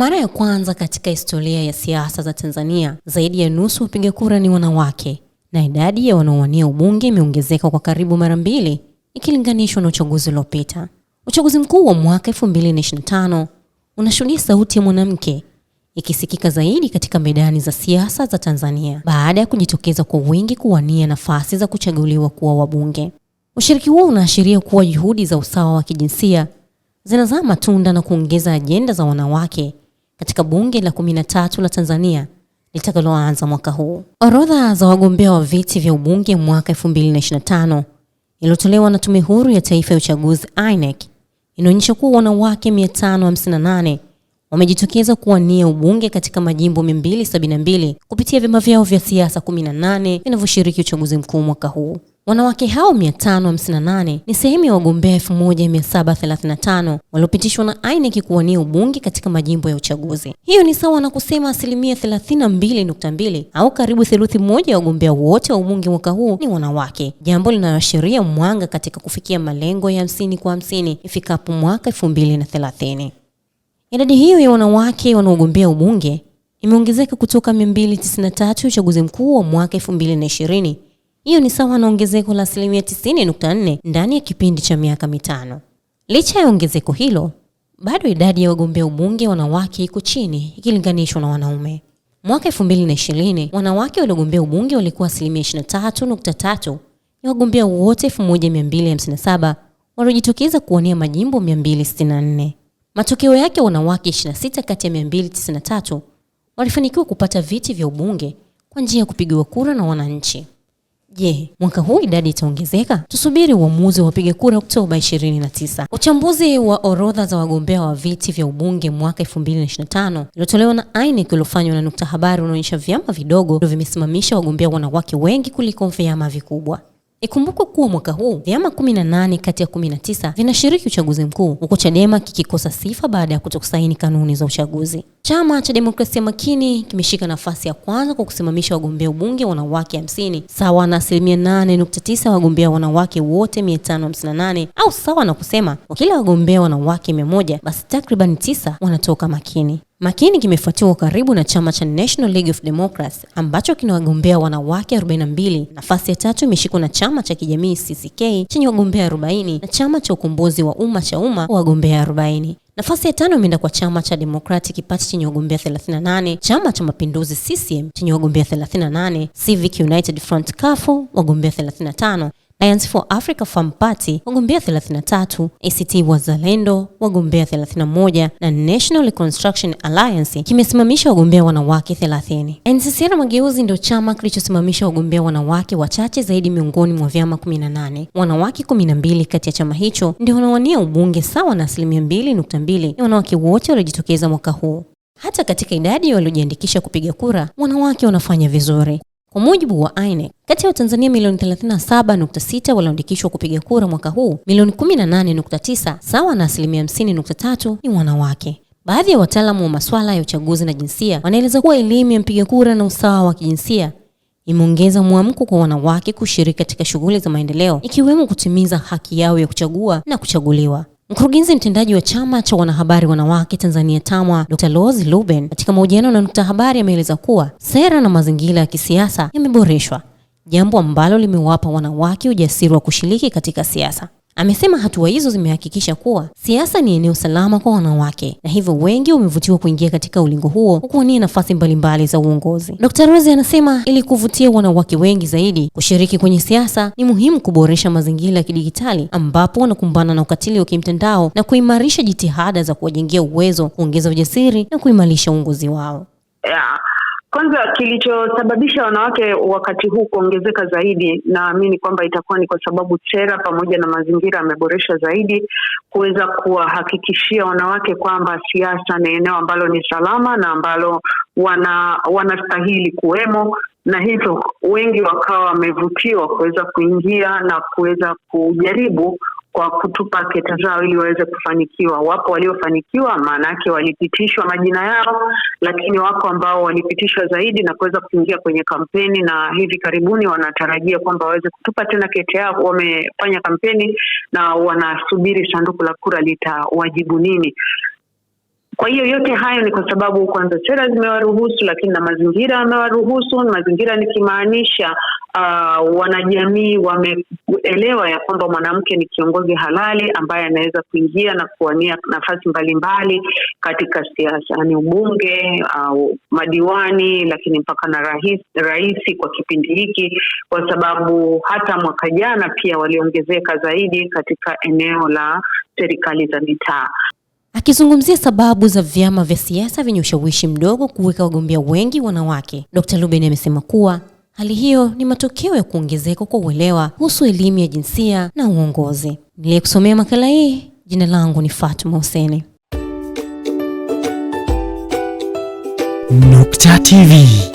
mara ya kwanza katika historia ya siasa za Tanzania, zaidi ya nusu wapiga kura ni wanawake na idadi ya wanaowania ubunge imeongezeka kwa karibu mara mbili ikilinganishwa na uchaguzi uliopita. Uchaguzi mkuu wa mwaka 2025 unashuhudia sauti ya mwanamke ikisikika zaidi katika medani za siasa za Tanzania baada ya kujitokeza kwa wingi kuwania nafasi za kuchaguliwa kuwa wabunge. Ushiriki huo unaashiria kuwa juhudi za usawa wa kijinsia zinazaa matunda na kuongeza ajenda za wanawake katika bunge la kumi na tatu la Tanzania litakaloanza mwaka huu. Orodha za wagombea wa viti vya ubunge mwaka 2025 iliyotolewa na Tume Huru ya Taifa ya Uchaguzi INEC inaonyesha kuwa wanawake 558 wamejitokeza kuwania ubunge katika majimbo 272 kupitia vyama vyao vya siasa 18 vinavyoshiriki uchaguzi mkuu mwaka huu. Wanawake hao 558 ni sehemu ya wagombea 1735 waliopitishwa na INEC kuwania ubunge katika majimbo ya uchaguzi. Hiyo ni sawa na kusema asilimia 32.2 au karibu theluthi moja ya wagombea wote wa ubunge mwaka huu ni wanawake, jambo linaloashiria mwanga katika kufikia malengo ya hamsini kwa hamsini ifikapo mwaka 2030. Idadi hiyo ya wanawake wanaogombea ubunge imeongezeka kutoka 293 uchaguzi mkuu wa mwaka 2020 hiyo ni sawa na ongezeko la asilimia 90.4 ndani ya kipindi cha miaka mitano. Licha ya ongezeko hilo, bado idadi ya wagombea ubunge wanawake iko chini ikilinganishwa na wanaume. Mwaka 2020 wanawake waliogombea ubunge walikuwa asilimia 23.3 ya wagombea wote 1257 waliojitokeza kuwania majimbo 264. Matokeo yake, wanawake 26 kati ya 293 walifanikiwa kupata viti vya ubunge kwa njia ya kupigiwa kura na wananchi. Je, mwaka huu idadi itaongezeka? Tusubiri uamuzi wa wapiga kura Oktoba 29. Uchambuzi wa orodha za wagombea wa viti vya ubunge mwaka 2025 uliotolewa na INEC uliofanywa na Nukta Habari unaonyesha vyama vidogo ndio vimesimamisha wagombea wanawake wengi kuliko vyama vikubwa. Ikumbukwe kuwa mwaka huu vyama 18 kati ya 19 vinashiriki uchaguzi mkuu, huku Chadema kikikosa sifa baada ya kutokusaini kanuni za uchaguzi. Chama cha Demokrasia Makini kimeshika nafasi ya kwanza kwa kusimamisha wagombea ubunge wanawake 50 sawa na asilimia 8.9 ya wagombea wanawake wote 558 au sawa na kusema kwa kila wagombea wanawake 100 basi takribani tisa wanatoka Makini. Makini kimefuatiwa karibu na chama cha National League of Democrats ambacho kinawagombea wanawake 42. Nafasi ya tatu imeshikwa na chama cha kijamii CCK chenye wagombea 40 na chama cha ukombozi wa umma cha umma wagombea 40. Nafasi ya tano imeenda kwa chama cha Democratic Party chenye wagombea 38, chama cha mapinduzi CCM chenye wagombea 38, Civic United Front CUF wagombea 35 Alliance for Africa Farm Party wagombea 33, ACT Wazalendo wagombea 31 na National Reconstruction Alliance kimesimamisha wagombea wanawake 30. NCCR Mageuzi ndio chama kilichosimamisha wagombea wanawake wachache zaidi miongoni mwa vyama 18. Wanawake 12 kati ya chama hicho ndio wanawania ubunge sawa na asilimia 2.2 ya wanawake wote waliojitokeza mwaka huu. Hata katika idadi waliojiandikisha kupiga kura, wanawake wanafanya vizuri. Kwa mujibu wa INEC, kati ya Watanzania milioni 37.6 walioandikishwa kupiga kura mwaka huu, milioni 18.9 sawa na asilimia 50.3 ni wanawake. Baadhi ya wataalamu wa masuala ya uchaguzi na jinsia wanaeleza kuwa elimu ya mpiga kura na usawa wa kijinsia imeongeza mwamko kwa wanawake kushiriki katika shughuli za maendeleo, ikiwemo kutimiza haki yao ya kuchagua na kuchaguliwa. Mkurugenzi mtendaji wa chama cha wanahabari wanawake Tanzania TAMWA, Dr. Rose luben katika mahojiano na Nukta Habari ameeleza kuwa sera na mazingira ya kisiasa yameboreshwa, jambo ambalo limewapa wanawake ujasiri wa kushiriki katika siasa. Amesema hatua hizo zimehakikisha kuwa siasa ni eneo salama kwa wanawake na hivyo wengi wamevutiwa kuingia katika ulingo huo kuwania nafasi mbalimbali za uongozi. Dr. Rose anasema ili kuvutia wanawake wengi zaidi kushiriki kwenye siasa ni muhimu kuboresha mazingira ya kidigitali ambapo wanakumbana na ukatili wa kimtandao na kuimarisha jitihada za kuwajengia uwezo, kuongeza ujasiri na kuimarisha uongozi wao. Yeah. Kwanza, kilichosababisha wanawake wakati huu kuongezeka zaidi, naamini kwamba itakuwa ni kwa sababu sera pamoja na mazingira yameboreshwa zaidi kuweza kuwahakikishia wanawake kwamba siasa ni eneo ambalo ni salama na ambalo wana wanastahili kuwemo, na hivyo wengi wakawa wamevutiwa kuweza kuingia na kuweza kujaribu kwa kutupa keta zao ili waweze kufanikiwa. Wapo waliofanikiwa, maanake walipitishwa majina yao, lakini wako ambao walipitishwa zaidi na kuweza kuingia kwenye kampeni, na hivi karibuni wanatarajia kwamba waweze kutupa tena kete yao. Wamefanya kampeni na wanasubiri sanduku la kura litawajibu nini. Kwa hiyo yote hayo ni kwa sababu kwanza sera zimewaruhusu, lakini na mazingira yamewaruhusu. Mazingira nikimaanisha Uh, wanajamii wameelewa ya kwamba mwanamke ni kiongozi halali ambaye anaweza kuingia na kuwania nafasi mbalimbali katika siasa, ni ubunge au uh, madiwani, lakini mpaka na rahisi kwa kipindi hiki, kwa sababu hata mwaka jana pia waliongezeka zaidi katika eneo la serikali za mitaa. Akizungumzia sababu za vyama vya siasa vyenye ushawishi mdogo kuweka wagombea wengi wanawake, Dr. lubeni amesema kuwa hali hiyo ni matokeo ya kuongezeka kwa uelewa kuhusu elimu ya jinsia na uongozi. Niliyekusomea makala hii, jina langu ni Fatuma huseni Nukta TV.